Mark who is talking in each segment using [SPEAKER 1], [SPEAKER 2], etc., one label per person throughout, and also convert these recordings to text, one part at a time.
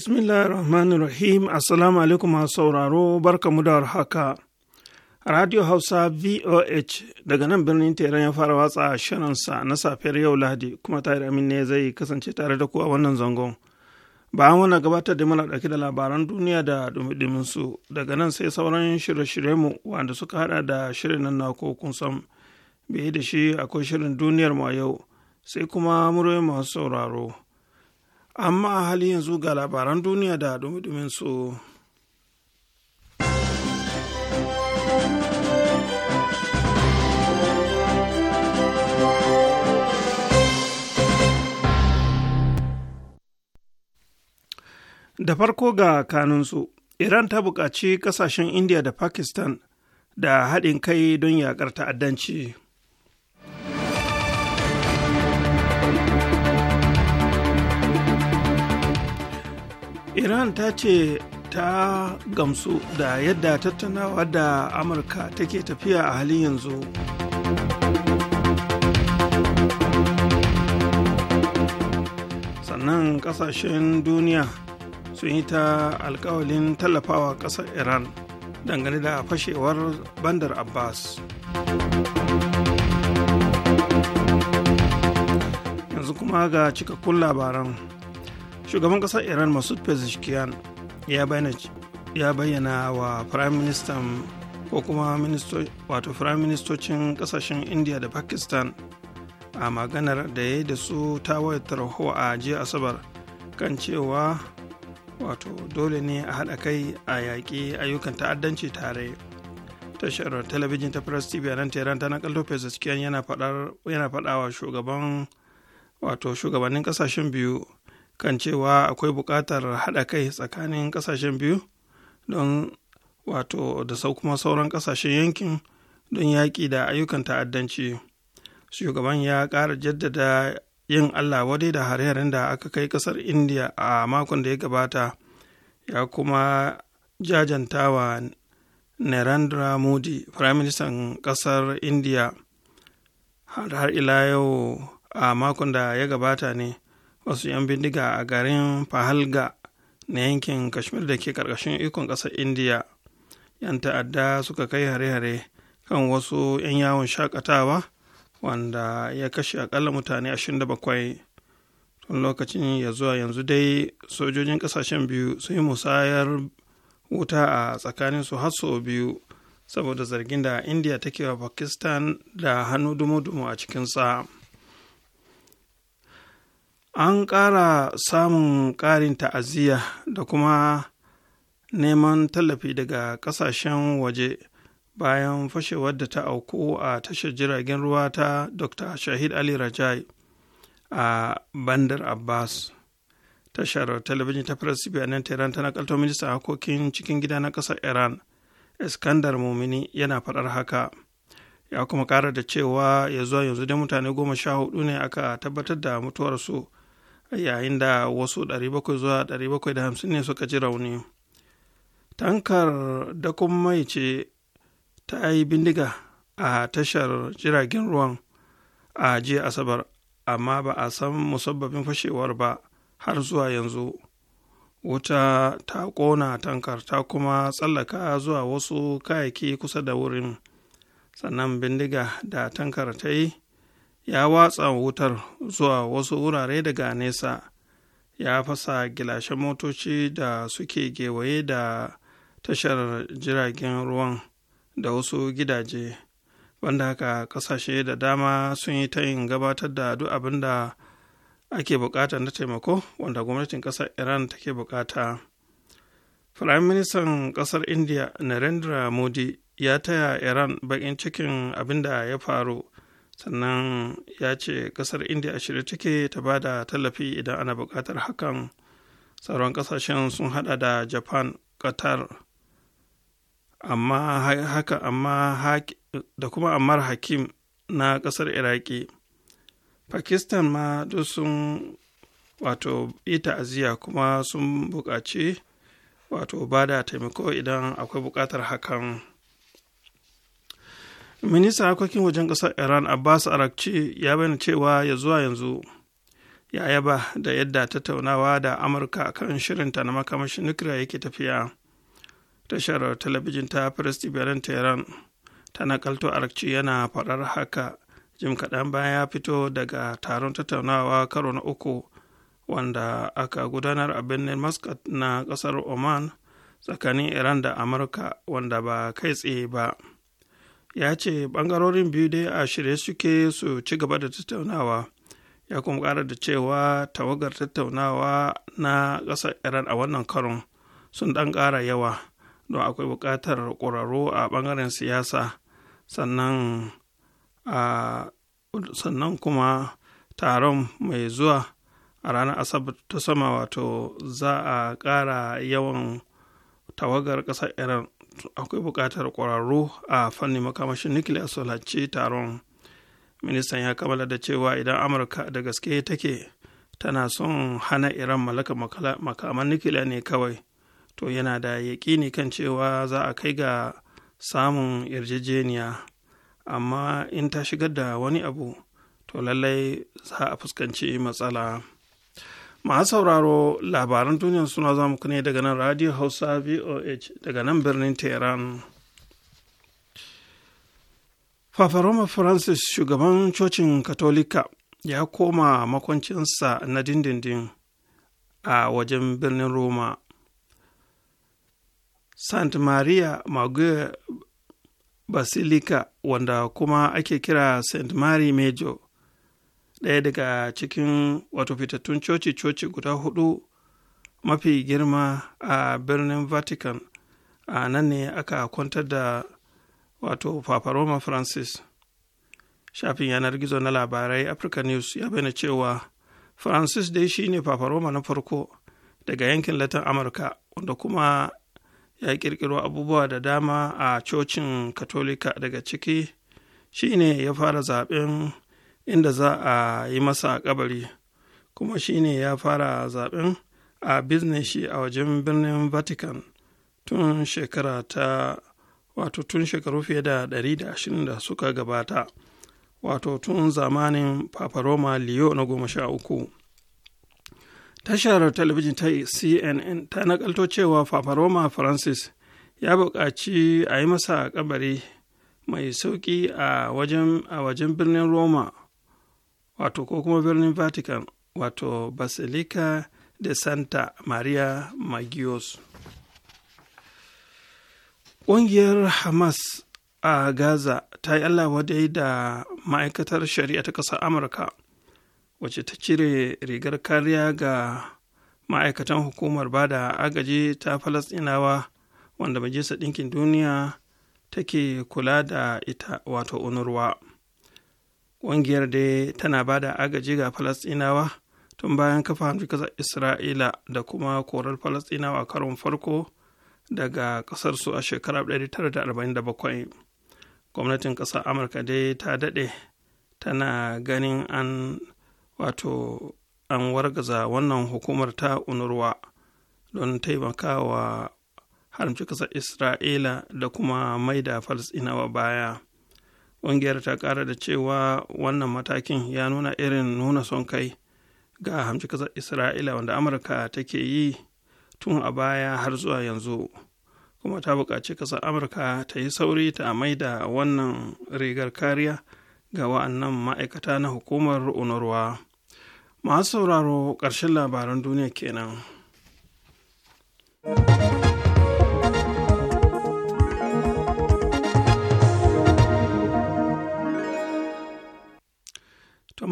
[SPEAKER 1] Bismillahirrahmanirrahim. Assalamu alaikum masu sauraro, barkamu da warhaka. Radio Hausa VOH daga nan birnin Teran ya fara watsa shirinsa na safiyar yau Lahadi, kuma tare amin ne zai kasance tare da ku a wannan zangon. Bayan wani gabatar da muna ɗauki da labaran duniya da dumidimin su daga nan sai sauran shirye mu wanda suka hada da shirin nan na kun san biye da shi akwai shirin duniyar mu a yau sai kuma muryoyin masu sauraro. amma a halin yanzu ga labaran duniya da dumi su. da farko ga kanunsu iran ta buƙaci ƙasashen india da pakistan da haɗin kai don yaƙar ta'addanci iran ta ce ta gamsu da yadda tattaunawa da amurka take tafiya a halin yanzu sannan kasashen duniya sun yi ta alkawalin tallafawa kasar iran dangane da fashewar bandar abbas yanzu kuma ga cikakkun labaran shugaban kasar iran masud pezeshkian ya bayyana wa prime minister ko kuma wato firayim ministocin kasashen india da pakistan a maganar da ya da su ta wayar tarho a jiya asabar kan cewa wato dole ne a haɗa kai a yaƙi ayyukan ta'addanci tare tashar talabijin ta press tv a nan tehran ta nakalto pezeshkian yana faɗa wa shugaban wato shugabannin ƙasashen biyu kan cewa akwai buƙatar haɗa kai tsakanin ƙasashen biyu don wato da sau kuma sauran ƙasashen yankin don yaƙi da ayyukan ta'addanci shugaban ya ƙara jaddada yin allah wadai da hare-haren da aka kai ƙasar india a makon da ya gabata ya kuma jajantawa narendra modi firaministan ƙasar india har ila yau a makon da ya gabata ne wasu 'yan bindiga a garin fahalga na yankin kashmir da ke karkashin ikon ƙasar indiya 'yan ta'adda suka kai hare-hare kan wasu 'yan yawon shakatawa wanda ya kashe akalla mutane 27 tun lokacin ya zuwa yanzu dai sojojin ƙasashen biyu sun yi musayar wuta a tsakanin su har biyu saboda zargin da indiya take wa pakistan da hannu dumu-dumu a cikin cikinsa. an ƙara samun ƙarin ta'aziyya da kuma neman tallafi daga ƙasashen waje bayan fashewar da ta auku a tashar jiragen ruwa ta dr shahid ali rajai a bandar abbas tashar talabijin ta press a nan tehran ta nakalto ministan harkokin cikin gida na ƙasar iran iskandar mumini yana faɗar haka ya kuma ƙara da cewa ya zuwa yanzu dai mutane goma sha hudu ne aka tabbatar da mutuwarsu yayin da wasu 700 zuwa 750 ne suka ji rauni tankar da kuma mai ce ta yi bindiga a tashar jiragen ruwan a jiya asabar amma ba a san musabbabin fashewar ba har zuwa yanzu wuta ta kona tankar ta kuma tsallaka zuwa wasu kayaki kusa da wurin sannan bindiga da tankar ta yi ya watsa wutar zuwa wasu wurare daga nesa ya fasa gilashen motoci da suke gewaye da tashar jiragen ruwan da wasu gidaje banda haka kasashe da dama sun yi ta yin gabatar da duk abin da ake bukata na taimako wanda gwamnatin kasar iran take bukata firayim ministan kasar india narendra modi ya taya iran bakin cikin abin da ya faru sannan ya ce kasar india a shirye take ta ba da tallafi idan ana buƙatar hakan sauran kasashen sun hada da japan qatar amma haka amma da kuma ammar hakim na kasar iraki pakistan ma duk sun wato yi ta'aziyya kuma sun buƙaci wato ba da taimako idan akwai buƙatar hakan ministan harkokin wajen kasar iran abbas arakci ya bayyana cewa ya zuwa yanzu ya yaba da yadda tattaunawa da amurka kan shirinta na makamashin nukiliya yake tafiya tashar talabijin ta press tv tehran ta nakalto arakci yana faɗar haka jim kaɗan bayan ya fito daga taron tattaunawa karo na uku wanda aka gudanar a birnin muscat na ƙasar oman tsakanin iran da amurka wanda ba kai tsaye ba ya ce ɓangarorin biyu dai a shirye suke su ci gaba da tattaunawa ya kuma ƙara da cewa tawagar tattaunawa na ƙasar iran a wannan karon sun ɗan ƙara yawa don akwai buƙatar ƙwararru a ɓangaren siyasa sannan kuma taron mai zuwa a ranar asabar ta sama wato za a ƙara yawan tawagar ƙasar iran akwai buƙatar ƙwararru a fannin makamashin nukiliya su halarci taron ministan ya kammala da cewa idan amurka da gaske take tana son hana iran mallakar makaman nukiliya ne kawai to yana da yaƙini kan cewa za a kai ga samun yarjejeniya amma in ta shigar da wani abu to lallai za a fuskanci matsala. masu sauraro labaran duniya suna za muku ne daga nan radio hausa voh daga nan birnin tehran fafaroma francis shugaban cocin katolika ya koma makwancinsa na dindindin a wajen birnin roma Saint maria Maguire basilica wanda kuma ake kira st mary major ɗaya daga cikin wato fitattun coci-coci guda hudu mafi girma a birnin vatican a nan ne aka kwantar da wato papa roma francis shafin yanar gizo na labarai africa news ya bayyana cewa francis dai shine papa roma na farko daga yankin latin amurka wanda kuma ya kirkiro abubuwa da dama a cocin katolika daga ciki shi ne ya fara zaben inda za a yi masa kabari kuma shine ya fara zaben a bizne shi a wajen birnin vatican tun shekara ta wato tun shekaru fiye da 120 da suka gabata wato tun zamanin papa roma leo na goma sha uku tashar talabijin ta cnn ta nakalto cewa papa roma francis ya buƙaci a yi masa kabari mai sauƙi a wajen birnin roma wato ko kuma birnin vatican wato basilica de santa maria magios ƙungiyar hamas a gaza ta yi allah wadai da ma'aikatar shari'a ta ƙasar amurka wacce ta cire rigar kariya ga ma'aikatan hukumar ba da agaji ta falasɗinawa wanda majalisar ɗinkin duniya take kula da ita wato unurwa ƙungiyar dai tana ba da agaji ga falasɗinawa tun bayan kafa hamshi ƙasar isra'ila da kuma korar falasɗinawa karon farko daga ƙasarsu a shekara 1947 gwamnatin ƙasar amurka dai ta daɗe tana ganin an wato an wargaza wannan hukumar ta unurwa don taimakawa haramci ƙasar isra'ila da kuma maida falasɗinawa baya ƙungiyar ta ƙara da cewa wannan matakin ya nuna irin nuna son kai ga hamci ƙasar isra'ila wanda amurka take yi tun a baya har zuwa yanzu kuma ta buƙaci ƙasar amurka ta yi sauri ta mai da wannan rigar kariya ga wa'annan ma'aikata na hukumar unarwa masu sauraro ƙarshen labaran duniya kenan.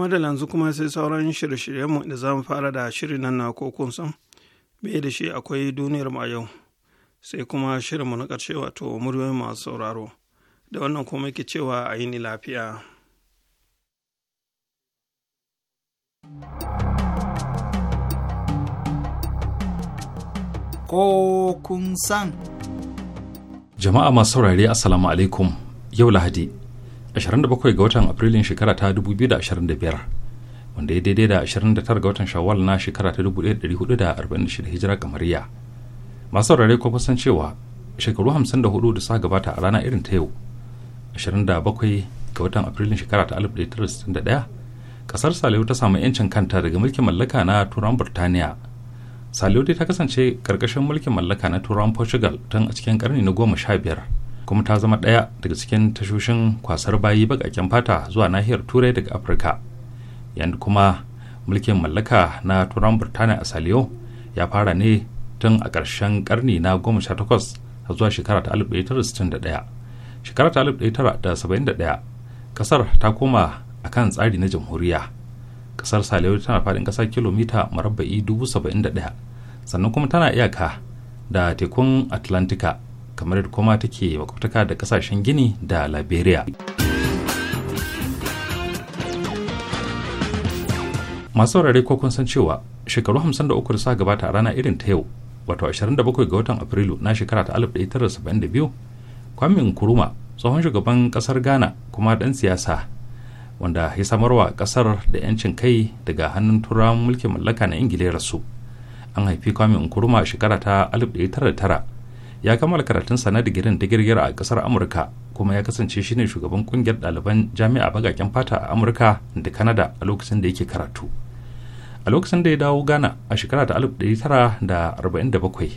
[SPEAKER 1] da yanzu kuma sai sauran shirye-shiryenmu da za mu fara da shirin nan na kokun san bai da shi akwai duniyar mu a yau sai kuma shirinmu na ƙarshe wato muryoyin masu sauraro da wannan kuma yake cewa a yi ni lafiya.
[SPEAKER 2] Ko kun san.
[SPEAKER 3] Jama'a masu saurare Assalamu alaikum yau Lahadi 27 ga watan Afrilun shekara ta 2025 wanda ya daidai da 29 ga watan Shawwal na shekara ta 1446 hijira kamariya. Masu rarrai ko kusan cewa shekaru 54 da suka gabata a rana irin ta yau 27 ga watan Afrilun shekara ta 1961 kasar Salihu ta samu 'yancin kanta daga mulkin mallaka na Turan Burtaniya. Salihu ta kasance karkashin mulkin mallaka na Turan Portugal tun a cikin karni na goma sha biyar. kuma ta zama ɗaya daga cikin tashoshin kwasar bayi baƙaƙen fata zuwa nahiyar turai daga afirka yadda kuma mulkin mallaka na turan burtaniya a saliyo ya fara ne tun a ƙarshen ƙarni na 18 zuwa shekara ta 1961 shekara ta 1971 kasar ta koma a kan tsari na jamhuriya ƙasar saliyo tana faɗin ƙasa kilomita marabba'i 71 sannan kuma tana iyaka da tekun atlantika kamar da kuma take makwabtaka da kasashen gini da liberia masu saurare ko kun san cewa shekaru 53 da suka gabata a rana irin ta yau wato 27 ga watan afrilu na shekara ta 1972 kwamin nkuruma tsohon shugaban kasar ghana kuma dan siyasa wanda ya samarwa kasar da 'yancin kai daga hannun turawan mulkin mallaka na ingila rasu an haifi kwamin nkuruma shekara ta 1909 ya kammala karatunsa na digirin digirgir a kasar amurka kuma ya kasance shine shugaban kungiyar ɗaliban jami'a bagaken fata a amurka da kanada a lokacin da yake karatu a lokacin da ya dawo ghana a shekara ta 1947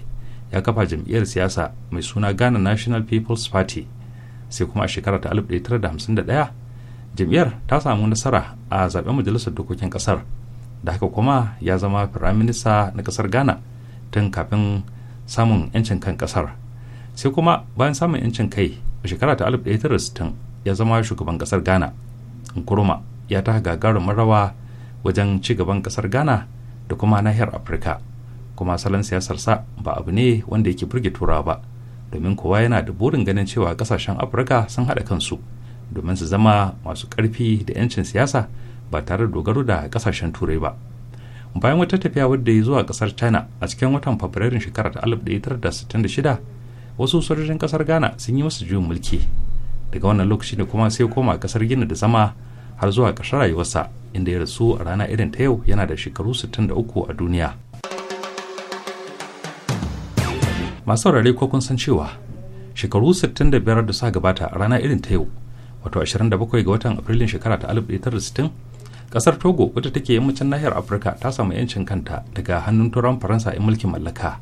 [SPEAKER 3] ya kafa jam'iyyar siyasa mai suna ghana national people's party sai kuma a shekara ta 1951 jam'iyyar ta samu nasara a zaben majalisar dokokin kasar da haka kuma ya zama firaminista na kasar ghana tun kafin samun 'yancin kan kasar sai kuma bayan samun 'yancin kai a shekara ta 1960 ya zama shugaban kasar ghana nkuruma ya ta gagarumin rawa wajen ci gaban kasar ghana da kuma nahiyar afirka kuma salon siyasar sa ba abu ne wanda yake burge turawa ba domin kowa yana da burin ganin cewa kasashen afirka sun haɗa kansu domin su zama masu ƙarfi da 'yancin siyasa ba tare da dogaro da kasashen turai ba bayan wata tafiya wadda ya zuwa kasar china a cikin watan fabrairun shekarar 1966 wasu sojojin kasar ghana sun yi masa juyin mulki daga wannan lokaci ne kuma sai koma kasar gini da zama har zuwa kasar rayuwarsa inda ya rasu a rana irin ta yau yana da shekaru 63 a duniya masu saurare ko kun san cewa shekaru 65 da suka gabata a rana irin ta yau wato 27 ga watan afrilun shekara ta 1960 kasar togo wadda take yammacin nahiyar afirka ta samu yancin kanta daga hannun turan faransa ya mulkin mallaka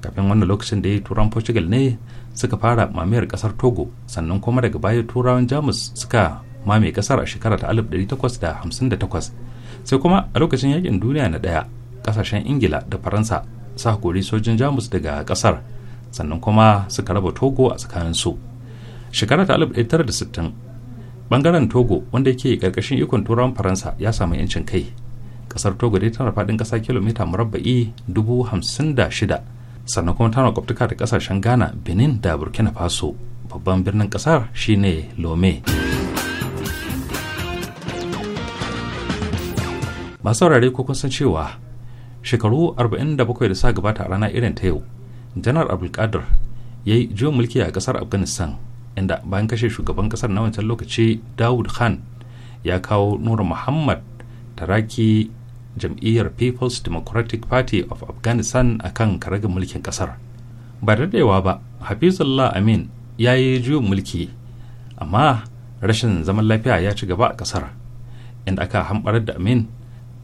[SPEAKER 3] kafin wannan lokacin da ya turan portugal ne suka fara mamayar kasar togo sannan kuma daga baya turawan jamus suka mame kasar a shekara ta 1858 sai kuma a lokacin yakin duniya na daya kasashen ingila da faransa sa kori sojin jamus daga kasar sannan kuma suka raba togo a tsakanin su shekara ta 1960 bangaren togo wanda yake karkashin ikon turawan faransa ya samu yancin kai kasar togo dai tana faɗin ƙasa kilomita murabba'i dubu hamsin da shida sannan kuma tana kwaftuka da ƙasashen ghana benin da burkina faso babban birnin ƙasar shine lome masu saurare ko kusan cewa shekaru 47 da sa gabata a rana irin ta yau janar abdulkadir ya yi mulki a ƙasar afghanistan inda bayan kashe shugaban kasar na wancan lokaci dawud khan ya kawo nur muhammad taraki jam'iyyar people's democratic party of afghanistan a kan karagar mulkin kasar ba da daɗewa ba hafizullah amin ya yi juyin mulki amma rashin zaman lafiya ya ci gaba a kasar inda aka hambarar da amin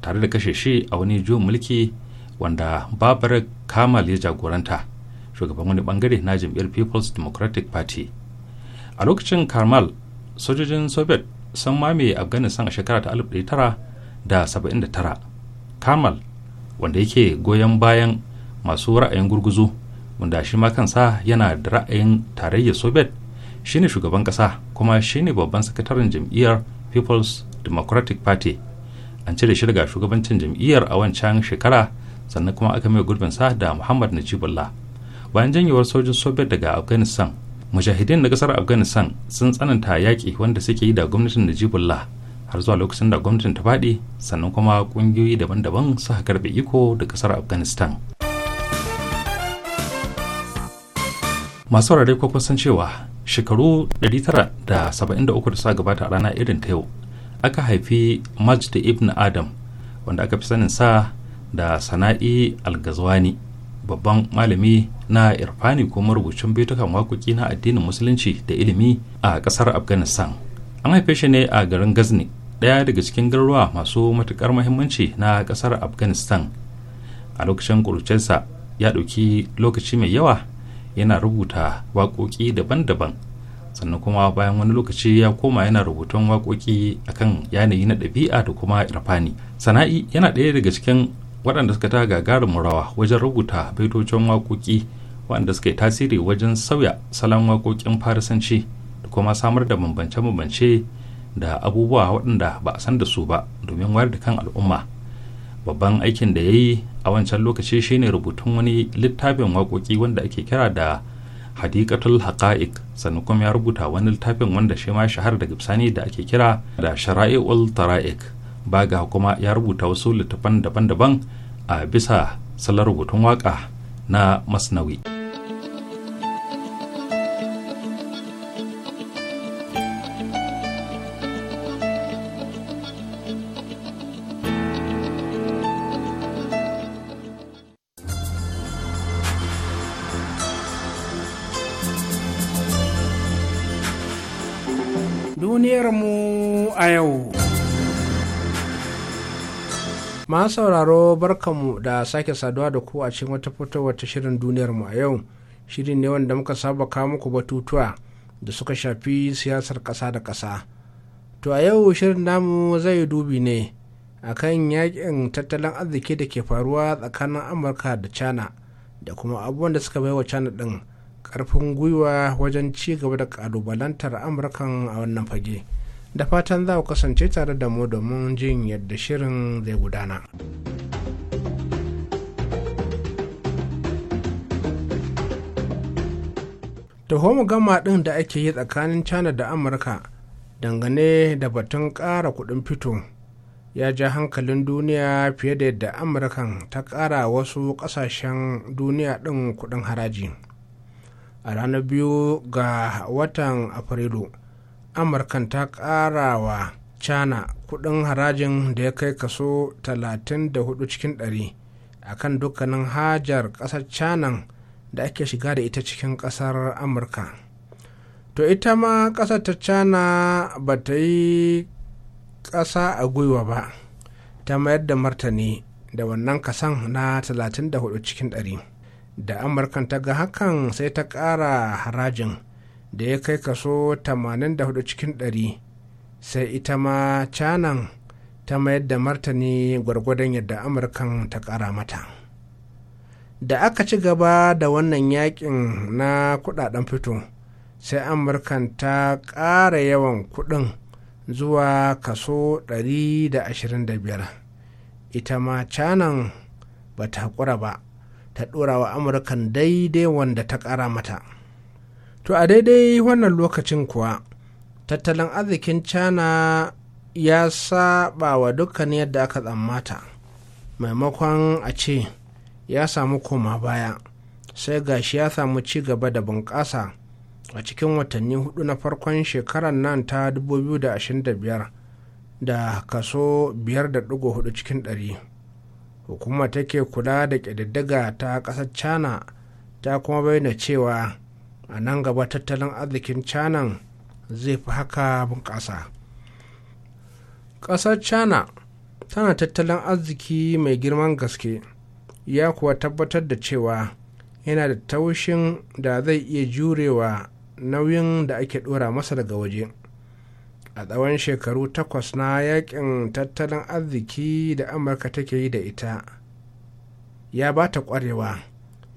[SPEAKER 3] tare da kashe shi a wani juyin mulki wanda babar kamal ya jagoranta shugaban wani bangare na jam'iyyar people's democratic party a lokacin karmal sojojin soviet sun mamaye afghanistan a shekara ta 1979 karmal wanda yake goyon bayan masu ra'ayin gurguzu wanda shi ma kansa yana da ra'ayin tarayyar soviet shine shugaban kasa kuma shine babban sakataren jam'iyyar people's democratic party an cire shi daga shugabancin jam'iyyar a wancan shekara sannan kuma aka mai gurbinsa da muhammad najibullah bayan janyewar sojin soviet daga afghanistan mujahidin na kasar afghanistan sun tsananta yaƙi wanda suke yi da gwamnatin najibullah har zuwa lokacin da gwamnatin ta faɗi sannan kuma ƙungiyoyi daban-daban suka karɓe iko da kasar afghanistan masu rarrai kwakwa sun cewa shekaru 973 da suka gabata a rana irin ta yau aka haifi majd ibn adam wanda aka fi sanin sa da sana'i algazwani babban malami na irfani kuma marubucin baitukan waƙoƙi na addinin musulunci da ilimi a ƙasar afghanistan an haife shi ne a garin gazni ɗaya daga cikin garuruwa masu matuƙar mahimmanci na ƙasar afghanistan a lokacin ƙuruciyarsa ya ɗauki lokaci mai yawa yana rubuta waƙoƙi daban-daban sannan kuma bayan wani lokaci ya koma yana rubutun waƙoƙi akan yanayi na ɗabi'a da kuma irfani sana'i yana ɗaya daga cikin waɗanda suka ta gagarin murawa wajen rubuta baitocin waƙoƙi waɗanda suka yi tasiri wajen sauya salon waƙoƙin farisanci da kuma samar da bambance-bambance da abubuwa waɗanda ba a san da su ba domin wayar da kan al'umma babban aikin da ya yi a wancan lokaci shine rubutun wani littafin waƙoƙi wanda ake kira da hadikatul haqa'iq sannan kuma ya rubuta wani littafin wanda shi ma shahar da bisani da ake kira da shara'i'ul tara'iq baga kuma ya rubuta wasu littafan daban-daban a bisa salar rubutun waka na masnawi
[SPEAKER 4] duniyarmu a yau ma sauraro barkanmu da sake saduwa da ku a cikin wata fitowar ta shirin duniyar mu a yau shirin ne wanda muka saba kawo muku batutuwa da suka shafi siyasar ƙasa da ƙasa to a yau shirin namu zai dubi ne akan yakin tattalin arziki da ke faruwa tsakanin amurka da china da kuma abubuwan da suka baiwa china din karfin gwiwa wajen ci gaba da kalubalantar amurkan a wannan fage. da fatan za ku kasance tare da mu domin jin yadda shirin zai gudana. Taho gama ɗin da ake yi tsakanin China da Amurka dangane da batun ƙara kuɗin fito ya ja hankalin duniya fiye da yadda Amurkan ta ƙara wasu ƙasashen duniya ɗin kuɗin haraji. A ranar biyu ga watan Afrilu. amurkan ta kara wa china kudin harajin da ya kai kaso 34 cikin 100 akan dukkanin hajar kasar china da ake shiga da ita cikin kasar amurka to ita ma kasar ta china ba ta yi kasa a gwiwa ba ta mayar da martani da wannan kasan na 34 cikin 100 da amurkan ta ga hakan sai ta kara harajin da ya kai kaso 84 cikin 100 sai ita ma canan ta mayar da martani gwargwadon yadda amurkan ta ƙara mata da aka ci gaba da wannan yakin na kudaden fito sai amurkan ta ƙara yawan kudin zuwa kaso 125 ita ma canan ba ta haƙura ba ta ɗora wa amurkan daidai wanda ta ƙara mata to a daidai wannan lokacin kuwa tattalin arzikin Cana ya saba wa dukkan yadda aka tsammata maimakon a ce ya samu koma baya sai gashi ya samu ci gaba da bunƙasa a cikin watanni hudu na farkon shekarar nan ta 2025 da kaso 5.4 cikin 100 hukumar take kula da ƙididdiga ta ƙasar china ta kuma bayyana cewa a nan gaba tattalin arzikin china zai fi haka bunƙasa ƙasar china tana tattalin arziki mai girman gaske ya kuwa tabbatar da cewa yana da taushin da zai iya jurewa nauyin da ake ɗora masa daga waje a tsawon shekaru takwas na yakin tattalin arziki da amurka take yi da ita ya ba ta ƙwarewa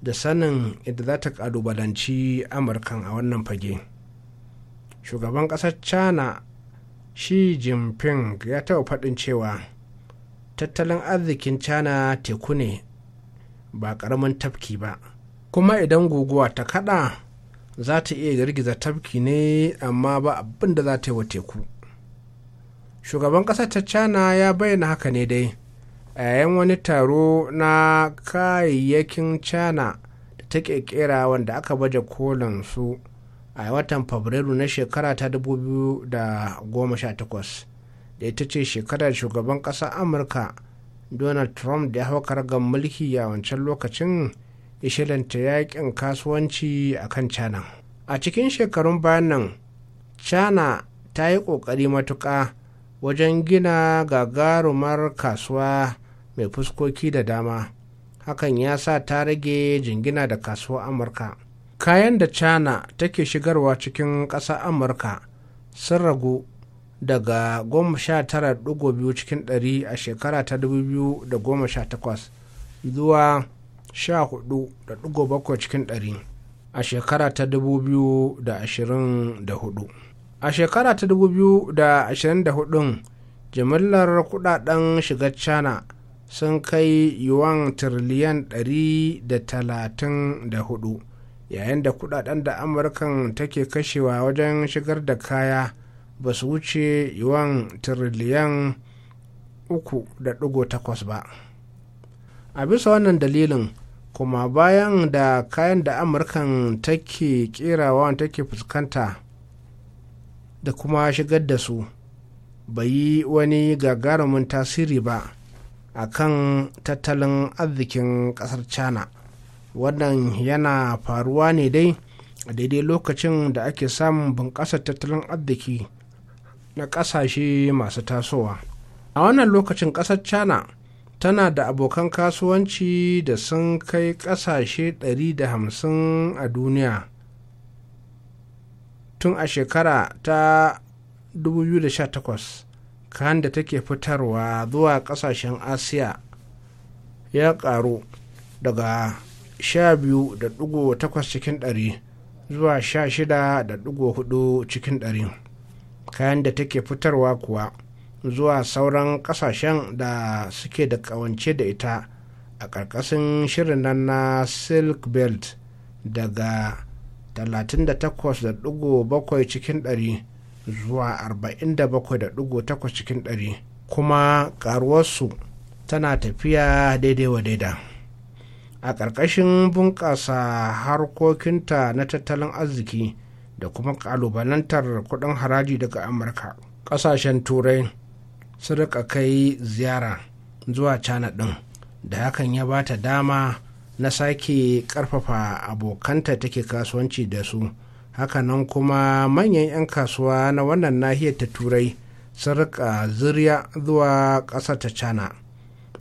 [SPEAKER 4] da sanin yadda za ta kalubalanci amurkan a wannan fage shugaban ƙasar china shi jinping ya taɓa faɗin cewa tattalin arzikin china teku ne ba ƙaramin tafki ba kuma idan guguwa ta kaɗa za ta iya girgiza tafki ne amma ba abin da za ta yi wa teku shugaban ƙasar ta china ya bayyana haka ne dai a yayin wani taro na kayayyakin china da ta kekera wanda aka baje kolin su a watan fabrairu na shekara ta 2018 da ita ce shekarar shugaban ƙasar amurka donald trump da ya hau kargar mulki a wancan lokacin ishilanta yakin kasuwanci a kan china a cikin shekarun bayan nan china ta yi ƙoƙari matuƙa wajen gina gagarumar kasuwa mai fuskoki da dama hakan ya sa ta rage jingina da kasuwar amurka kayan da china take shigarwa cikin ƙasar amurka sun ragu daga 19.2 cikin 100 a shekara ta 2018 zuwa 14.7 cikin 100 a shekara ta 2024 a shekara ta 2024 jimillar kudaden shigar china sun kai yuwan tiriliyan 134 yayin da kudaden da amurkan take kashewa wajen shigar da kaya ba su wuce yuwan tiriliyan 3.8 ba a bisa wannan dalilin kuma bayan da kayan da amurkan take kerawa take fuskanta da kuma shigar da su bai yi wani gagarumin tasiri ba a kan tattalin arzikin ƙasar china wannan yana faruwa ne dai a daidai lokacin da ake samun bunƙasar tattalin arziki na ƙasashe masu tasowa a wannan lokacin ƙasar china tana da abokan kasuwanci da sun kai ƙasashe 150 a duniya tun a shekara ta 2018 kan da take fitarwa zuwa kasashen asiya ya karu daga 12.8 cikin ɗari zuwa 16.4 cikin kayan da take fitarwa kuwa zuwa sauran kasashen da suke da kawance da ita a ƙarƙashin shirin nan na silk belt daga 38.7 cikin zuwa 47.8 cikin ɗari kuma karuwarsu tana tafiya daidai wa daida a ƙarƙashin bunƙasa harkokinta na tattalin arziki da kuma ƙalubalantar kuɗin haraji daga amurka ƙasashen turai su rika kai ziyara zuwa cana ɗin da hakan ya ba ta dama na sake ƙarfafa abokanta take kasuwanci da su hakanan kuma manyan 'yan kasuwa na wannan nahiyar ta turai sun rika zirya zuwa ƙasar ta china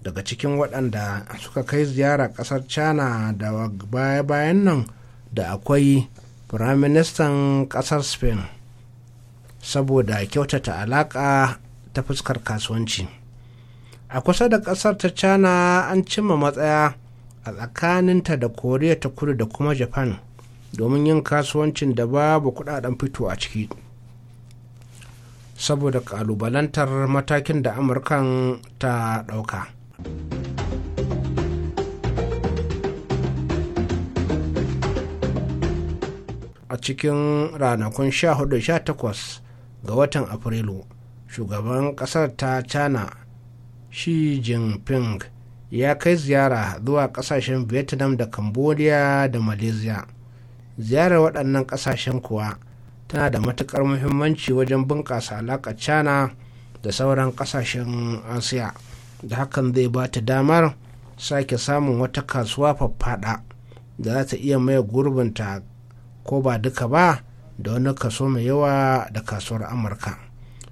[SPEAKER 4] daga cikin waɗanda suka kai ziyara ƙasar china da baya-bayan nan da akwai firaministan ƙasar spain saboda kyautata alaƙa ta fuskar kasuwanci a kusa da ƙasar ta china an cimma matsaya a tsakaninta da koriya ta kudu da kuma japan domin yin kasuwancin da babu kudaden fito a ciki saboda kalubalantar matakin da amurkan ta dauka a cikin ranakun 14-18 ga watan afrilu shugaban kasar ta china shi jinping ya kai ziyara zuwa kasashen vietnam da cambodia da malaysia ziyarar waɗannan ƙasashen kuwa tana da matuƙar muhimmanci wajen bunƙasa alaƙa cana da sauran ƙasashen asiya da hakan zai ba ta damar sake samun wata kasuwa faffaɗa da za ta iya maye gurbinta ko ba duka ba da wani kaso mai yawa da kasuwar amurka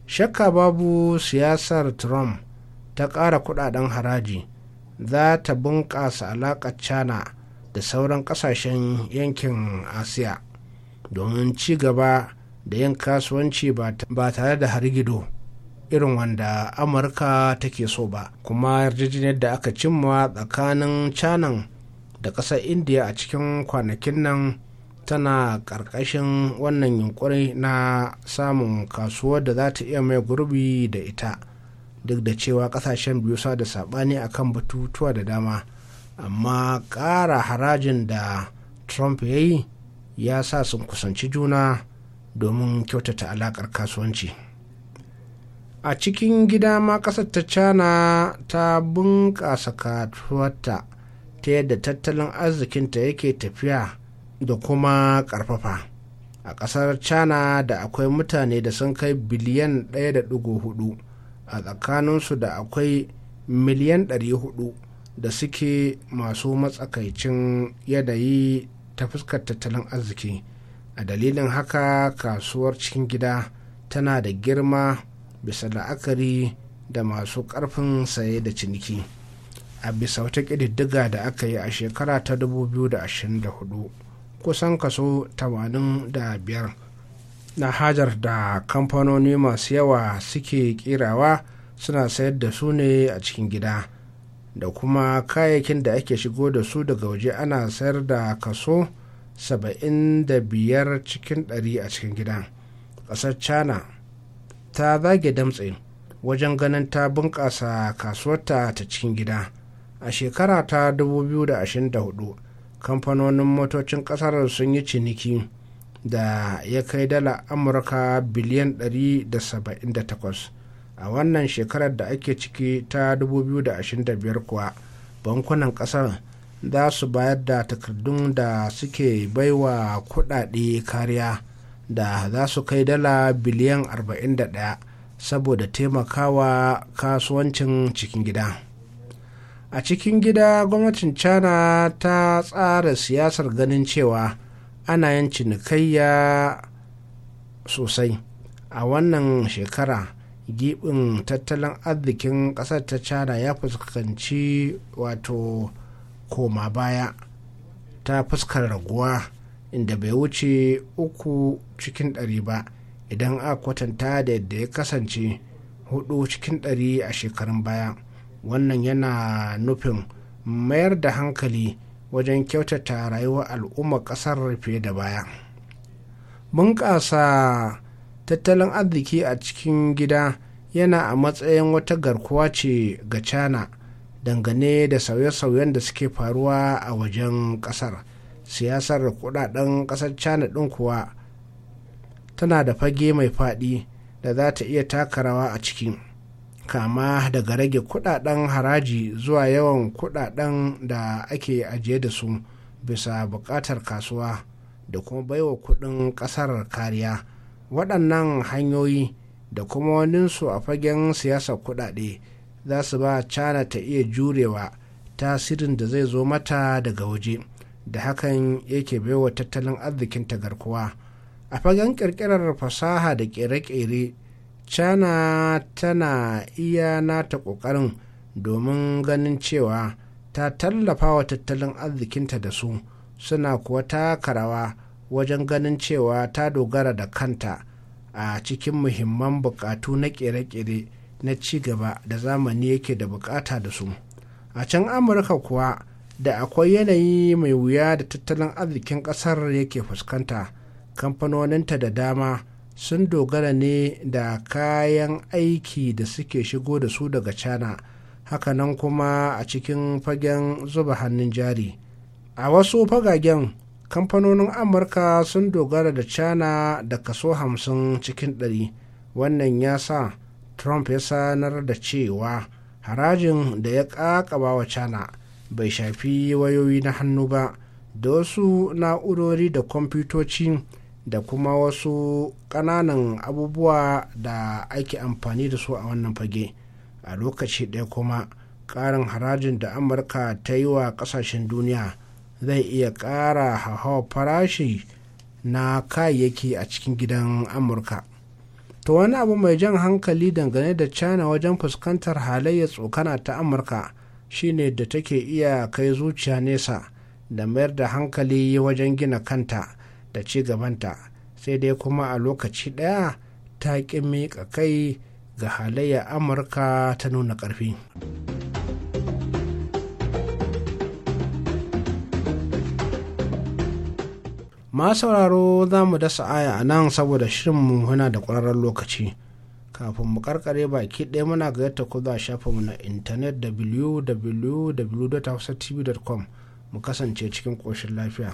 [SPEAKER 4] shakka babu siyasar trump ta ƙara kuɗaɗen haraji za ta bunƙasa alaƙar china da sauran kasashen yankin asiya domin ci gaba da yin kasuwanci ba tare da hargido irin wanda amurka take so ba kuma yarjejeniyar da aka cimma tsakanin canan da ƙasar indiya a cikin kwanakin nan tana ƙarƙashin wannan yunkuri na samun kasuwar da za ta iya mai gurbi da ita duk da cewa ƙasashen biyu sa da saɓani akan batutuwa da dama amma ƙara harajin da trump ya yi ya sa sun kusanci juna domin kyautata alaƙar kasuwanci a cikin gida ma ƙasar ta china ta bunƙasa kasuwarta ta yadda tattalin arzikinta yake tafiya da kuma ƙarfafa a ƙasar china da akwai mutane da sun kai biliyan 1.4 a tsakaninsu da akwai miliyan 400 da suke masu matsakaicin yadayi ta fuskar tattalin arziki a dalilin haka kasuwar cikin gida tana da girma bisa la'akari da masu karfin saye da ciniki a bisa wata ƙididdiga da aka yi a shekara ta 2024 kusan kaso 85 na hajar da kamfanoni masu yawa suke kirawa suna sayar da su ne a cikin gida da kuma kayayyakin da ake shigo da su daga waje ana sayar da kaso 75 cikin 100 a cikin gida ƙasar china ta zage damtse wajen ganin ta bunƙasa kasuwarta ta cikin gida a shekara ta 2024 kamfanonin motocin ƙasar sun yi ciniki da ya kai dala amurka biliyan 178 a wannan shekarar da ake ciki ta 2025 kuwa bankunan kasar za su bayar da takardun da suke baiwa kudade kariya da za su kai dala biliyan 41 saboda taimakawa kasuwancin cikin gida a cikin gida gwamnatin china ta tsara siyasar ganin cewa ana yin cinikayya sosai a wannan shekara gibin tattalin arzikin ƙasar ta china ya fuskanci wato koma baya ta fuskar raguwa inda bai wuce uku cikin ɗari ba idan a kwatanta da yadda ya kasance hudu cikin ɗari a shekarun baya wannan yana nufin mayar da hankali wajen kyautata rayuwar al'ummar ƙasar fiye da baya bunƙasa tattalin arziki a cikin gida yana a matsayin wata garkuwa ce ga cana dangane da sauye-sauyen da suke faruwa a wajen kasar siyasar kudaden kasar cana din kuwa tana da fage mai faɗi da za ta iya taka rawa a cikin kama daga rage kudaden haraji zuwa yawan kudaden da ake ajiye da su bisa buƙatar kasuwa da kuma baiwa kudin ƙasar kariya waɗannan hanyoyi da kuma waninsu a fagen siyasar kuɗaɗe za su ba cana ta iya jurewa tasirin da zai zo mata daga waje da hakan yake baiwa tattalin arzikin ta garkuwa a fagen ƙirƙirar fasaha da ƙere-ƙere cana tana iya nata ƙoƙarin domin ganin cewa ta tallafa wa tattalin arzikinta da su suna kuwa taka rawa wajen ganin cewa ta dogara da kanta a cikin muhimman bukatu na kere-kere na ci gaba da zamani yake da bukata da su a can amurka kuwa da akwai yanayi mai wuya da tattalin arzikin kasar yake fuskanta kamfanoninta da dama sun dogara ne da kayan aiki da suke shigo da su daga china hakanan kuma a cikin fagen zuba hannun jari a wasu fagagen kamfanonin amurka sun dogara da china da kaso 50 cikin 100 wannan ya sa trump ya sanar da cewa harajin da ya kakaba wa china bai shafi wayoyi na hannu ba da wasu na'urori da kwamfutoci da kuma wasu kananan abubuwa da ake amfani da su a wannan fage a lokaci ɗaya kuma ƙarin harajin da amurka ta yi wa ƙasashen duniya zai iya ƙara hauhawar farashi na kayayyaki a cikin gidan amurka to wani abu mai jan hankali dangane da china wajen fuskantar halayyar tsokana ta amurka shine da take iya kai zuciya nesa da mayar da hankali wajen gina kanta da ci gabanta sai dai kuma a lokaci daya ta ƙi miƙa kai ga halayyar amurka ta nuna ƙarfi. ma sauraro za mu dasa aya a nan saboda mu hana da ƙwararren lokaci kafin mu karkare baki ɗaya muna ga yadda ku za mu na intanet www.hausatv.com mu kasance cikin ƙoshin lafiya.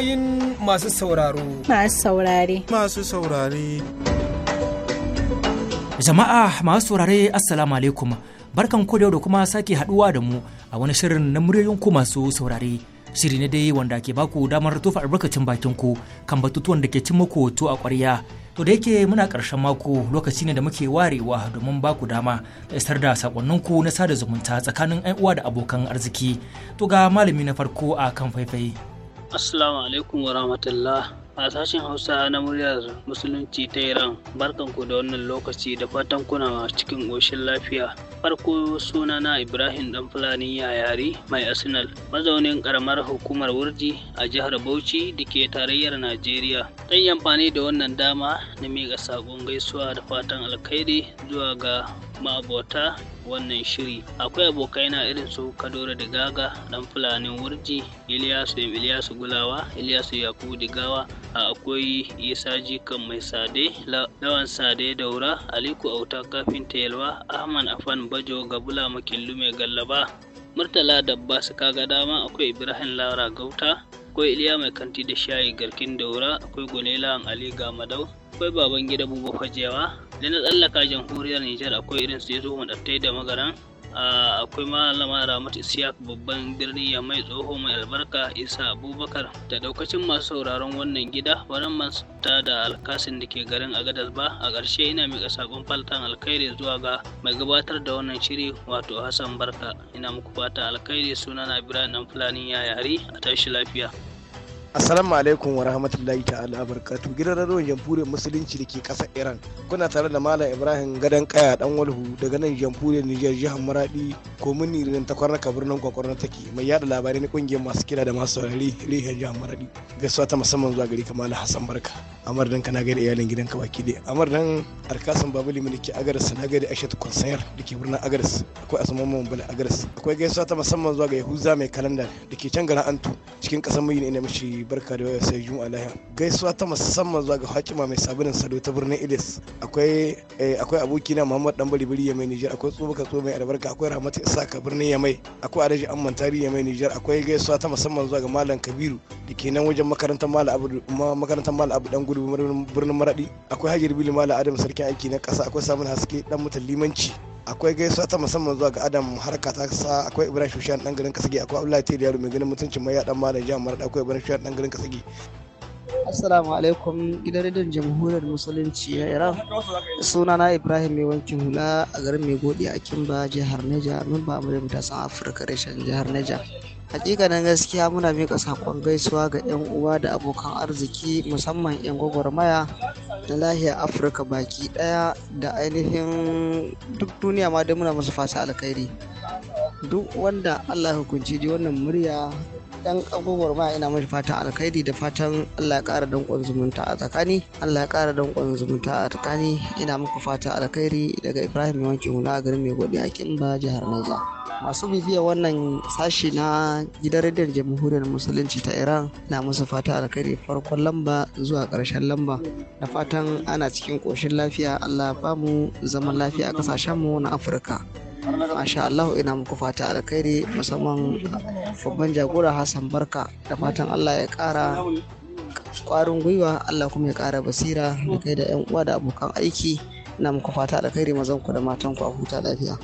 [SPEAKER 5] Ra'ayoyin masu sauraro.
[SPEAKER 6] Masu saurare.
[SPEAKER 2] Masu saurare. Jama'a masu saurare Assalamu alaikum. Barkan ku da kuma sake haduwa da mu a wani shirin na muryoyin ku masu saurare. Shiri ne dai wanda ke baku damar tofa albarkacin bakin ku kan batutuwan da ke cin muku to a ƙwarya. To da yake muna ƙarshen mako lokaci ne da muke warewa domin baku dama da isar da ku na sada zumunta tsakanin 'yan uwa da abokan arziki. To ga malami na farko a kan faifai.
[SPEAKER 6] Assalamu alaikum wa rahmatullah. A sashen Hausa na muryar Musulunci ta Iran, barkanku da wannan lokaci da fatan kuna cikin ƙoshin lafiya. Farko sunana Ibrahim Dan Fulani Yayari mai Arsenal, mazaunin karamar hukumar Wurji a jihar Bauchi da ke tarayyar Najeriya. Zan yi amfani da wannan dama na mika saƙon gaisuwa da fatan alkhairi zuwa ga mabota wannan shiri akwai abokai na irin su kadoro da gaga dan fulanin wurji iliyasu iliyasu gulawa iliyasu yakubu digawa a akwai isa jikan mai sade lawan sade daura aliku auta kafin yalwa ahman afan bajo gabula makillu mai gallaba murtala dabba su kaga dama akwai ibrahim lara gauta akwai iliya mai kanti da shayi garkin daura akwai gulela ali Madau. akwai baban gida buba fajewa da na tsallaka jamhuriyar nijar akwai irin su yazo madattai da magaran akwai malama ramatu isiyak babban birni ya mai tsoho mai albarka isa abubakar da daukacin masu sauraron wannan gida baran masta da alkasin da ke garin agadas ba a ƙarshe ina mika sabon faltan alkhairi zuwa ga mai gabatar da wannan shiri wato hassan barka ina muku fata alkhairi suna na biranen fulani ya yari a tashi lafiya
[SPEAKER 5] Assalamu alaikum wa rahmatullahi ta'ala barkatu gidan radon jamhuriyar musulunci da ke ƙasar Iran. Kuna tare da Malam Ibrahim gadon Kaya Dan Walhu daga nan jamhuriyar Nijar jihar Maradi komini rin ta kwarnaka birnin kwakwarna take mai yada labarai na kungiyar masu kira da masu saurari rihiyar jihar Maradi. Gaisuwa ta musamman zuwa gari kamar Hassan Barka. amar dan kana gaida iyalin gidanka baki dai amar dan alkasan babu limani ke agaris na da ashatu konsayar da ke birnin agaris akwai asaman mambala agaris akwai gaisuwa ta musamman zuwa ga yahuza mai kalanda da ke can garin antu cikin kasar mun ina mashi barka da waya sai juma'a lahiya gaisuwa ta musamman zuwa ga hakima mai sabunin sado ta birnin idis akwai eh, akwai aboki na muhammad dan bari ya mai nijar akwai tsobaka tso mai albarka akwai rahmatu ka birnin mai. akwai alhaji amman tari ya mai nijar akwai gaisuwa ta musamman zuwa ga malam kabiru da ke nan wajen makarantar malam abu makarantar malam abu dan gudu birnin maradi akwai hajjar bilu mala adam sarkin aiki na kasa akwai samun haske dan mutan limanci akwai gaisuwa ta musamman zuwa ga adam harka ta sa akwai ibrahim shushan dan garin kasage akwai abdullahi tayi yaro mai ganin mutuncin mai dan malam jihar maradi akwai ibrahim shushan dan garin kasage.
[SPEAKER 7] Assalamu alaikum gidan rediyon jamhuriyar musulunci na Iran. Sunana Ibrahim mai wankin hula a garin mai godi a Kimba jihar Neja, mun ba mu da mutasan Afirka reshen jihar Neja. Hakikanin gaskiya muna mika sakon gaisuwa ga 'yan uwa da abokan arziki musamman 'yan gwagwarmaya na lahiyar Afirka baki ɗaya da ainihin duk duniya ma da muna masu fasa alkhairi. Duk wanda Allah ya hukunci ji wannan murya dan agogwar ma ina mai fatan alkhairi da fatan Allah ya kara dankon zumunta a tsakani Allah ya kara dankon zumunta a tsakani ina muku fatan alkhairi daga Ibrahim Yawanci Huna a garin Mai Godi a Kimba jihar Niger masu bibiya wannan sashi na gidan radiyar jamhuriyar musulunci ta Iran na musu fata alkhairi farkon lamba zuwa karshen lamba da fatan ana cikin koshin lafiya Allah ya bamu zaman lafiya a kasashenmu na Afirka masha Allah ina muku fata alkhairi musamman babban jagora Hassan Barka da fatan Allah ya ƙara kwarin gwiwa Allah kuma ya kara basira da kai da 'yan uwa da abokan aiki ina muku fata alkhairi mazanku da matanku a huta lafiya.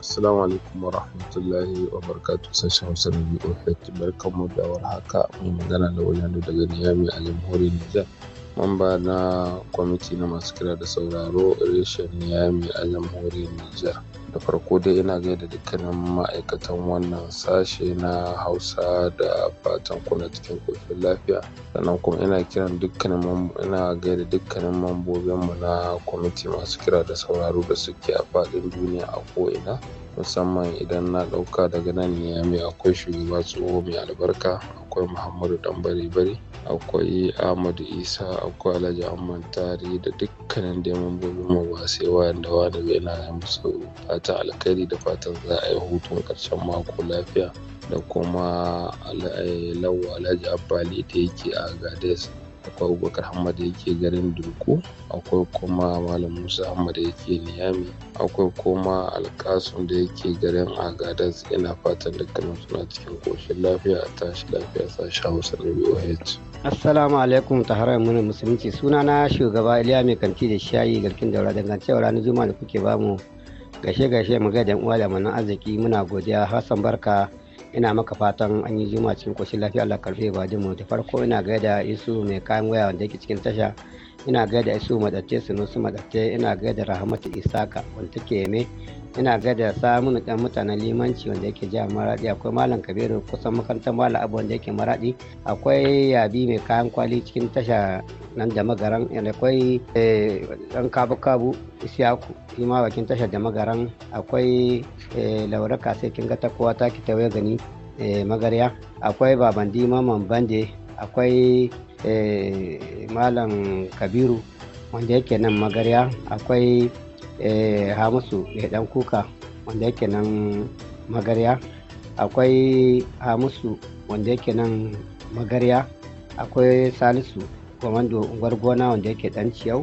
[SPEAKER 8] Assalamu alaikum wa rahmatullahi wa barakatu sashen Hausa na barkan barkanmu da warhaka mai magana da wani daga Niyami a jamhuriyar Nijar. Mamba na kwamiti na masu kira da sauraro reshen Niyami a jamhuriyar Nijar. da farko dai ina gaida dukkanin ma'aikatan wannan sashe na hausa da fatan kuna cikin kofin lafiya sannan kuma ina kiran dukkanin ina gaida dukkanin mambobinmu na kwamiti masu kira da sauraro da suke a faɗin duniya a ko'ina musamman idan na ɗauka daga nan niyami akwai shugaba tsoho mai albarka akwai muhammadu ɗan bari bari akwai ahmadu isa akwai alhaji amman tari da dukkanin da mambobin mu ba sai wayanda wani bai na musu fatan alkhairi da fatan za a yi hutun ƙarshen mako lafiya da kuma eh, lawa alhaji abbali da yake a gades akwai abubakar hamad da yake garin durko akwai kuma malam musa hamad da yake niyami akwai kuma alkasun da yake garin agadas ina fatan dukkanin suna cikin koshin lafiya a tashi lafiya sashen hausa na oh.
[SPEAKER 9] assalamu alaikum taharar muni musulunci na shugaba iliya mai kanti da shayi garkin daura dangancewa ranar juma'a da kuke bamu gashe-gashe mu ga uwa da manan arziki muna godiya hassan barka ina maka fatan an yi juma cikin koshin lafiya Allah karfe ba dimu da farko ina gaida isu mai kayan waya wanda yake cikin tasha ina gaida isu madatte sunusu madatte ina gaida rahmatu isaka wanda take yame ina gada samun ɗan mutanen limanci wanda yake jihar maradi akwai malam kabiru kusan makarantar malam abu wanda yake maradi akwai yabi mai kayan kwali cikin tasha nan da magaran akwai ɗan eh, kabu kabu isiyaku ima bakin tashar da magaran akwai eh, laura kasai kin ga kowa ta ki tawaye gani eh, magarya akwai baban dimaman bande akwai malam kabiru wanda yake nan magarya akwai Eh, hamisu ya dan kuka wanda yake nan magarya akwai hamisu wanda yake nan magarya akwai salisu kwamando unguwar gona wanda yake dan ciyau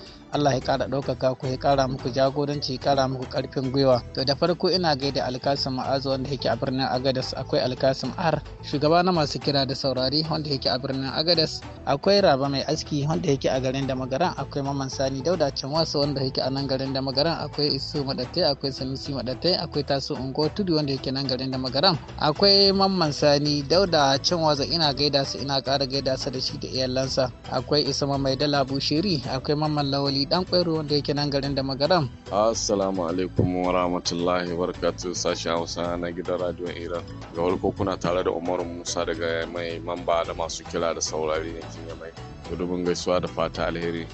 [SPEAKER 10] Allah ya kara ɗaukaka ku ya kara muku jagoranci ya kara muku karfin gwiwa to da farko ina gaida alkasim ma'azu wanda yake a birnin agadas akwai alkasim ar shugaba na masu kira da saurari wanda yake a birnin agadas akwai raba mai aski wanda yake a garin da magaran akwai maman sani dauda canwasu wanda yake a nan garin da magaran akwai isu madatai akwai sanusi madatai akwai tasu ungo tudu wanda yake nan garin da magaran akwai mamman sani dauda canwaza ina gaida su ina kara gaida su da shi da iyalansa akwai isa mai dala bushiri akwai mamman lawali Dan Kwairo wanda yake nan garin da magaram.
[SPEAKER 11] Assalamu alaikum wa rahmatullahi wa sashi Hausa na gidan Radio Iran. Ga farko kuna tare da Umar Musa daga mai mamba da masu kira da saurari yankin mai. Gudubin gaisuwa da fata alheri.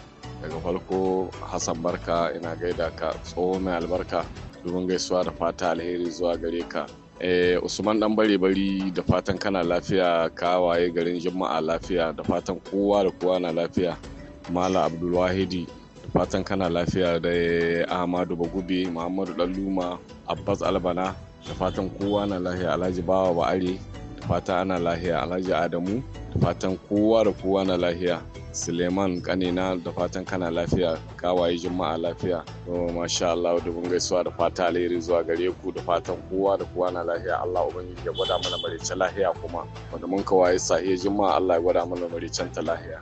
[SPEAKER 11] Daga farko Hassan Barka ina gaida ka tsoho mai albarka. Gudubin gaisuwa da fata alheri zuwa gare ka. Eh, usman dan bari bari da fatan kana lafiya ka waye garin juma'a lafiya da fatan kowa da kowa na lafiya mala abdulwahidi fatan kana lafiya da ahmadu bagube muhammadu ɗanluma abbas albana da fatan kowa na lahiya alhaji bawa ba'ari da fata ana lahiya alhaji adamu da fatan kowa da kowa na lahiya suleiman kanina da fatan kana lafiya kawaye juma'a lafiya to masha Allah da mun gaisuwa da fata alheri zuwa gare ku da fatan kowa da kowa na lafiya Allah ubangiji ya gwada mana maricin lafiya kuma wanda mun kawaye sahiya juma'a Allah ya gwada mana maricin ta lafiya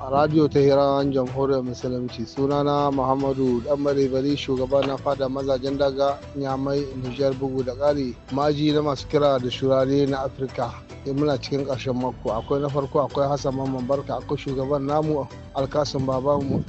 [SPEAKER 12] a radio ta hiran jamhuriyar musulunci sunana muhammadu dan bari shugaba na fada mazajen daga nyamai nijar bugu da ƙari maji na masu kira da shurare na afirka In eh, muna cikin ƙarshen mako akwai na farko akwai hassan mamman barka akwai shugaban namu alkasun babanmu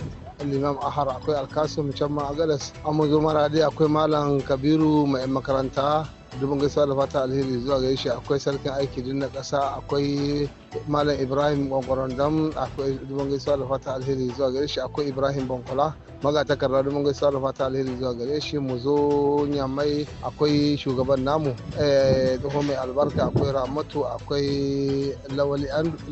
[SPEAKER 12] limam ahar akwai alkasim can ma agadas amurzo akwai malam kabiru mai makaranta dubin gaisuwa da fata alheri zuwa gaishe akwai sarkin aiki dinna na ƙasa akwai malam ibrahim gwangwaron dam akwai dubban gaisuwa da fata alheri zuwa gare shi akwai ibrahim bankola maga takarda dubban gaisuwa da fata alheri zuwa gare shi mu zo nyamai akwai shugaban namu eh, tsoho mai albarka akwai ramatu akwai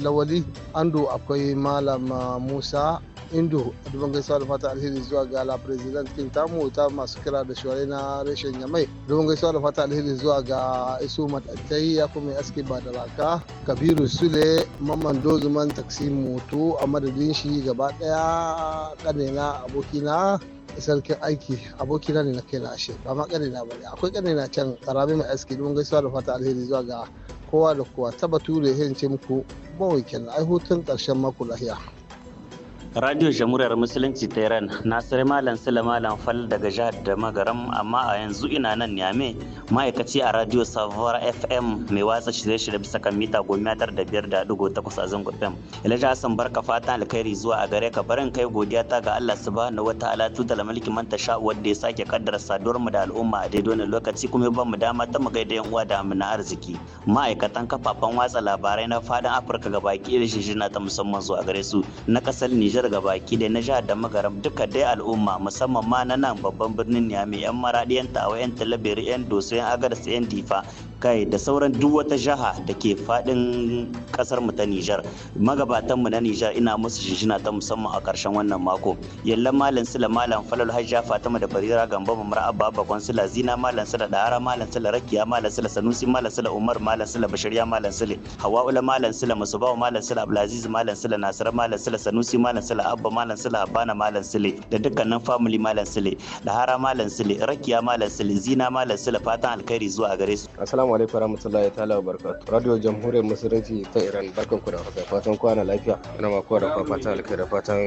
[SPEAKER 12] lawali andu akwai malam ah, musa indo dubban gaisuwa da fata alheri zuwa ga la president king tamu ta masu kira da shuwarai na reshen yamai dubban gaisuwa da fata alheri zuwa ga isu matattai ya kuma aski ba da raka kabiru sule mamando mamman dozuman taksi moto a madadin shi gaba daya kanina abokina sarkin aiki abokina ne na kai na ashe ba ma kanina bane akwai kanina can karami mai aski don gaisuwa da fata alheri zuwa ga kowa da kowa ta bature hin ce muku bon weekend ai hutun karshen mako lahiya
[SPEAKER 13] Radio Jamhuriyar Musulunci Iran na sai Malam Sula Malam Fal daga jihar da Magaram amma a yanzu ina nan Niame ma'aikaci a Radio Savar FM mai watsa shirye-shirye bisa kan mita goma tara da biyar da takwas a zango FM. Ilaja Hassan barka fatan alkhairi zuwa a gare ka barin kai godiya ta ga Allah su ba subhanahu wata alatu, tutal mulki man sha wanda ya sake kaddara saduwar mu da al'umma a daidai wannan lokaci kuma ba mu dama ta mu gaida yan uwa da mu na arziki. Ma'aikatan kafafen watsa labarai na fadin Afirka gabaki da shirye na ta musamman zuwa gare su na kasar Nijar Gaba gabaki da na jihar da magaram duka dai al'umma musamman ma na nan babban birnin Niamey yan maradi yan tawa yan talabiri yan doso yan agadas yan difa kai da sauran duk wata jiha da ke fadin kasar mu ta Nijar magabatan mu na Nijar ina musu shishina ta musamman a karshen wannan mako yallan malam sula malam falal hajja fatima da barira gamba mamra abba bakon sula zina malam sula Da'Ara, malam sula rakiya malam sula sanusi malam sula umar malam sula bashariya malam sula hawa'ula malam sula musubawa malam sula abdulaziz malam sula nasara malam sula sanusi malam sula sila abba malam sila habana malam sile da dukkanin family malam sile da hara malam sile rakiya malam sile zina malam sile fatan alkhairi zuwa gare su
[SPEAKER 5] assalamu alaikum warahmatullahi ta'ala wabarakatuh radio jamhuriyar musulunci ta iran barkan ku da haka fatan kwana lafiya ina ma kowa da fatan alkhairi fatan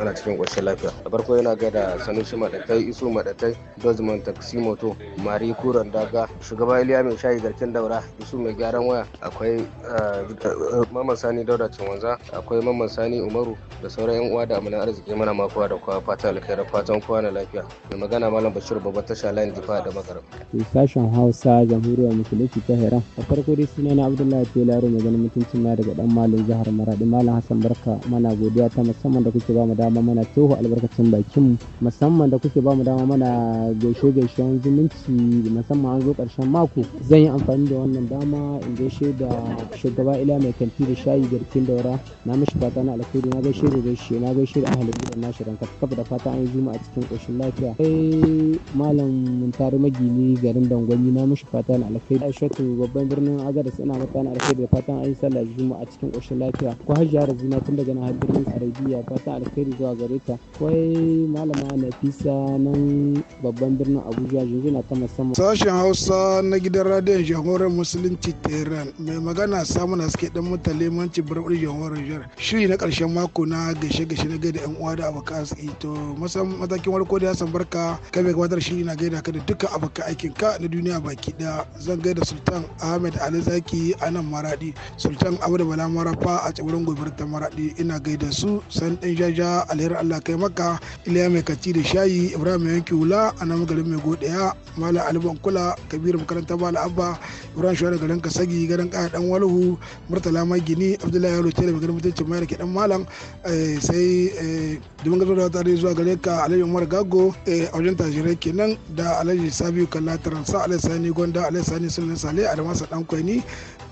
[SPEAKER 5] ana cikin ƙoshin lafiya da farko yana ga da sanusi madatai isu madatai dozman moto, mari kuran daga shugaba iliya mai shayi garkin daura isu mai gyaran waya akwai eh, mamman sani dauda cinwanza akwai mamman sani umaru da sauran uwa da amalin arziki muna makuwa da kowa fata alkhairi fatan kowa na lafiya mai magana malam bashir babban tasha layin difa da magaram
[SPEAKER 10] sashen hausa jamhuriyar musulunci ta heran a farko dai suna na abdullahi laro mai ganin mutuncin na daga dan malam jihar maradi malam hassan barka mana godiya ta musamman da kuke ba mu dama mana toho albarkacin bakin mu musamman da kuke ba mu dama mana gaishe gaishen zumunci musamman an zo karshen mako zan yi amfani da wannan dama in gaishe da shugaba ila mai kanti da shayi garkin daura na mishi fata na alkhairi na gaishe da gaishe Eh, na gaishe da ahalin gidan nashi ranka kafa da fata an yi zuma a cikin ƙoshin lafiya kai malam tare magini garin dangwani na mishi fata na alkhairi shatu babban birnin agadas ina mata na alkhairi da fatan an yi sallah juma a cikin ƙoshin lafiya ko hajji yara zina tun daga nahar birnin arabiya fatan alkhairi zuwa gare ta
[SPEAKER 14] kai malama nafisa nan babban birnin abuja jinjina ta musamman sashen hausa na gidan radiyon jamhuriyar musulunci tehran mai magana samun haske dan mutane manci barbar jamhuriyar jihar shiri na karshen mako na gaishe shi na gaida yan uwa da abokan arziki to masan matakin warko da Hassan Barka kai mai gabatar shiri na gaida ka da dukkan abokan aikin ka na duniya baki da zan gaida Sultan Ahmed Ali Zaki a nan Maradi Sultan Abu Bala Marafa a tsibirin Gobir ta Maradi ina gaida su san dan jaja alheri Allah kai maka Iliya mai kaci da shayi Ibrahim yanki wula a nan garin mai godaya Malam Alban Kula Kabiru makaranta Bala Abba Ibrahim Shuwa garin Kasagi garin Kaya dan Walhu Murtala Magini Abdullahi Yalo Tele garin mutuncin mai da ke dan malam eh, sai dai eh, domin gazo da zuwa gare ka alhaji umar gago eh, a wajen tajirai kenan da alhaji sabiu kalla sa alhaji sani gonda alhaji sani sunan sale a da masa dan kwaini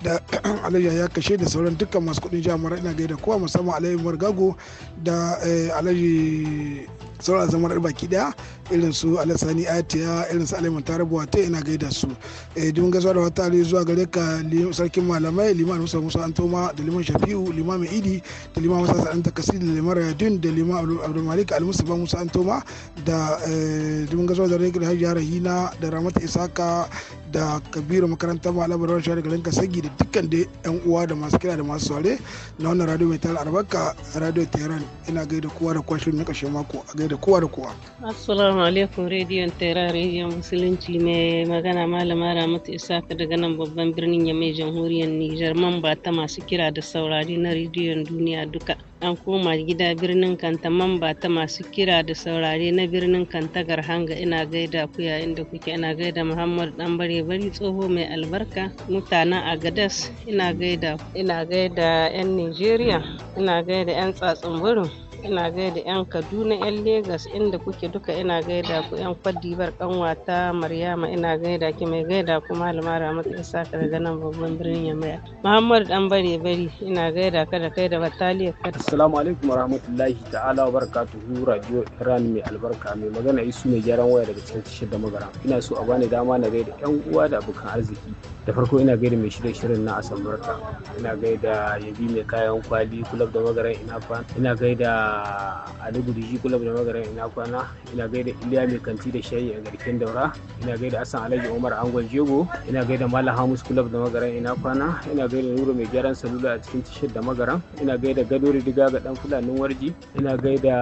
[SPEAKER 14] da alayya ya kashe da sauran dukkan masu kudin Mara ina gaida kowa musamman alayyi margago da eh, alayyi sauran zamar baki daya irin su alasani atiya irin su alaiman tarabuwa ta ina gaida su eh, dun gaswa da wata alayi zuwa gare ka sarkin malamai liman musa musa antoma da liman shafi'u liman mai idi da liman musa sa'an takasi da liman rayadun da liman abdulmalik almusufa musa antoma da eh, dun gaswa da rege da hajjiyar rahina da ramata isaka da kabiru makarantar malabar shari'a garin kasagi da dukkan da yan uwa da masu kira da masu saurare na wannan radio mai tara albarka radio tehran ina da kowa da kowa shirin na ƙarshen mako a da kowa da kowa
[SPEAKER 7] assalamu alaikum radio tehran radio musulunci mai magana malama ramatu isaka daga nan babban birnin yamai jamhuriyar nijar ba ta masu kira da saurare na radio duniya duka an koma gida birnin kanta mamba ta masu kira da saurare na birnin kanta garhanga ina gaida ku yayin da kuke ina gaida muhammad dan bare bari tsoho mai albarka mutanen agadas ina gaida ina gaida yan nigeria ina gaida yan tsatsin burin ina gaida yan kaduna yan Legas inda kuke duka ina gaida ku yan kwadibar kanwata maryama ina gaida ki mai gaida ku malama ramatu isa daga nan babban birnin yamaya muhammad dan bare bari ina gaida ka da kai da bataliya ka assalamu alaikum warahmatullahi ta'ala wa barakatuhu
[SPEAKER 15] radio iran mai albarka mai magana isu mai gyaran waya daga cikin tashar da magara ina so a bani dama na gaida yan uwa da abokan arziki da farko ina gaida mai shirye shirin na asambarka ina gaida yabi mai kayan kwali kulab da ina ina gaida a Duguri shi kula da magaran ina kwana ina gaida Iliya mai kanti da shayi a garkin daura ina gaida Hassan Alhaji Umar Angon Jego ina gaida Malam Hamus kulob da magaran ina kwana ina gaida Nuru mai gyaran salula a cikin tashar da magaran ina gaida Gadori Diga ga dan Fulanin Warji ina gaida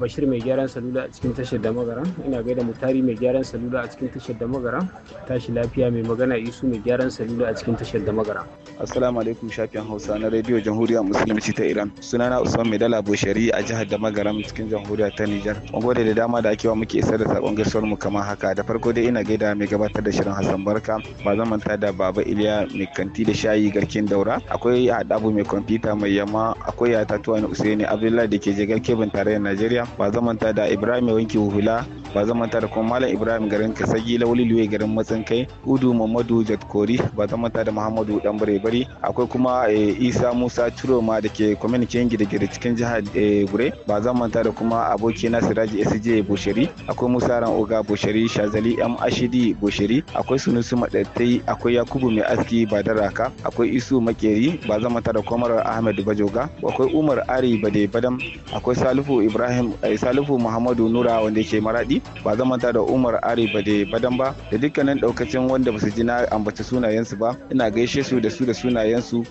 [SPEAKER 15] Bashir mai gyaran salula a cikin tashar da magaran ina gaida Mutari mai gyaran salula a cikin tashar da magaran tashi lafiya mai magana Isu mai gyaran salula a cikin tashar da magaran Assalamu alaikum shafin Hausa na Radio Jamhuriyar Musulunci ta Iran sunana Usman Maidala Boshari a jihar da magaram cikin jamhuriya ta Nijar. Mun gode da dama da ake wa muke isar da sakon gaisuwar mu kamar haka. Da farko dai ina gaida mai gabatar da shirin Hassan Barka, ba zan manta da Baba Iliya mai kanti da shayi garkin daura. Akwai Adabu mai kwamfuta mai yamma, akwai ya tatuwa Tuwani Usaini Abdullahi da ke jigar kebin tarayyar Najeriya. Ba zan manta da Ibrahim mai wanki huhula, ba zan manta da kuma Malam Ibrahim garin Kasagi Lauli Luwe garin Matsin Kai, Udu Muhammadu Jatkori, ba zan manta da Muhammadu Dan Bare akwai kuma eh, Isa Musa Turoma da ke kwamitin Kingi da gire- cikin jihar eh, gure ba zan manta da kuma aboki na siraji sj bushiri akwai musa ran oga bushiri shazali m ashidi bushiri akwai sunusu madattai akwai yakubu mai aski badaraka akwai isu makeri ba zan manta da kwamar ahmed bajoga akwai umar ari bade badam akwai salifu ibrahim eh, salifu muhammadu nura wanda yake maradi ba zan manta da umar ari bade badam ba da dukkanin daukacin wanda basu ji na ambata sunayensu ba ina gaishe su da su da sunayensu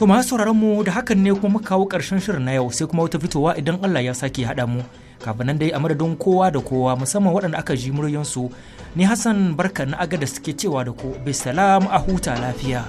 [SPEAKER 15] To
[SPEAKER 2] masu sauraron mu da hakan ne kuma muka kawo ƙarshen shirin na yau sai kuma wata fitowa idan Allah ya sake haɗa mu. Kafin nan dai a madadin kowa da kowa musamman waɗanda aka ji muryansu ni Hassan barka na aga suke cewa da ku bisalam a huta lafiya.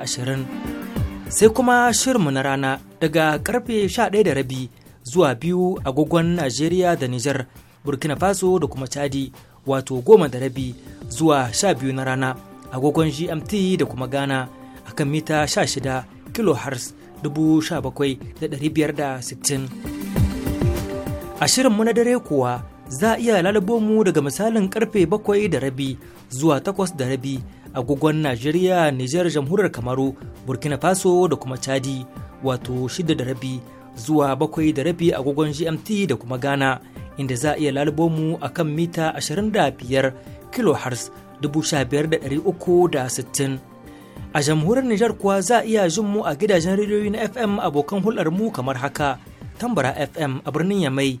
[SPEAKER 2] ashirin sai kuma shirinmu na rana daga karfe rabi zuwa biyu agogon Najeriya da Nijar Burkina Faso da kuma Chadi wato goma da rabi zuwa sha biyu na rana agogon GMT da kuma Ghana akan mita 16 kHz 17,560 mu na dare kuwa za a iya lalubo mu daga misalin karfe bakwai da rabi zuwa takwas da rabi agogon Najeriya, Nijar, Jamhuriyar Kamaru, Burkina Faso da kuma Chadi, wato shida da rabi zuwa bakwai da rabi agogon GMT da kuma Ghana, inda za a iya lalubo mu a kan mita 25 kHz 15,360. A jamhuriyar Nijar kuwa za a iya jin mu a gidajen rediyoyi na FM abokan hulɗar mu kamar haka, Tambara FM a birnin Yamai,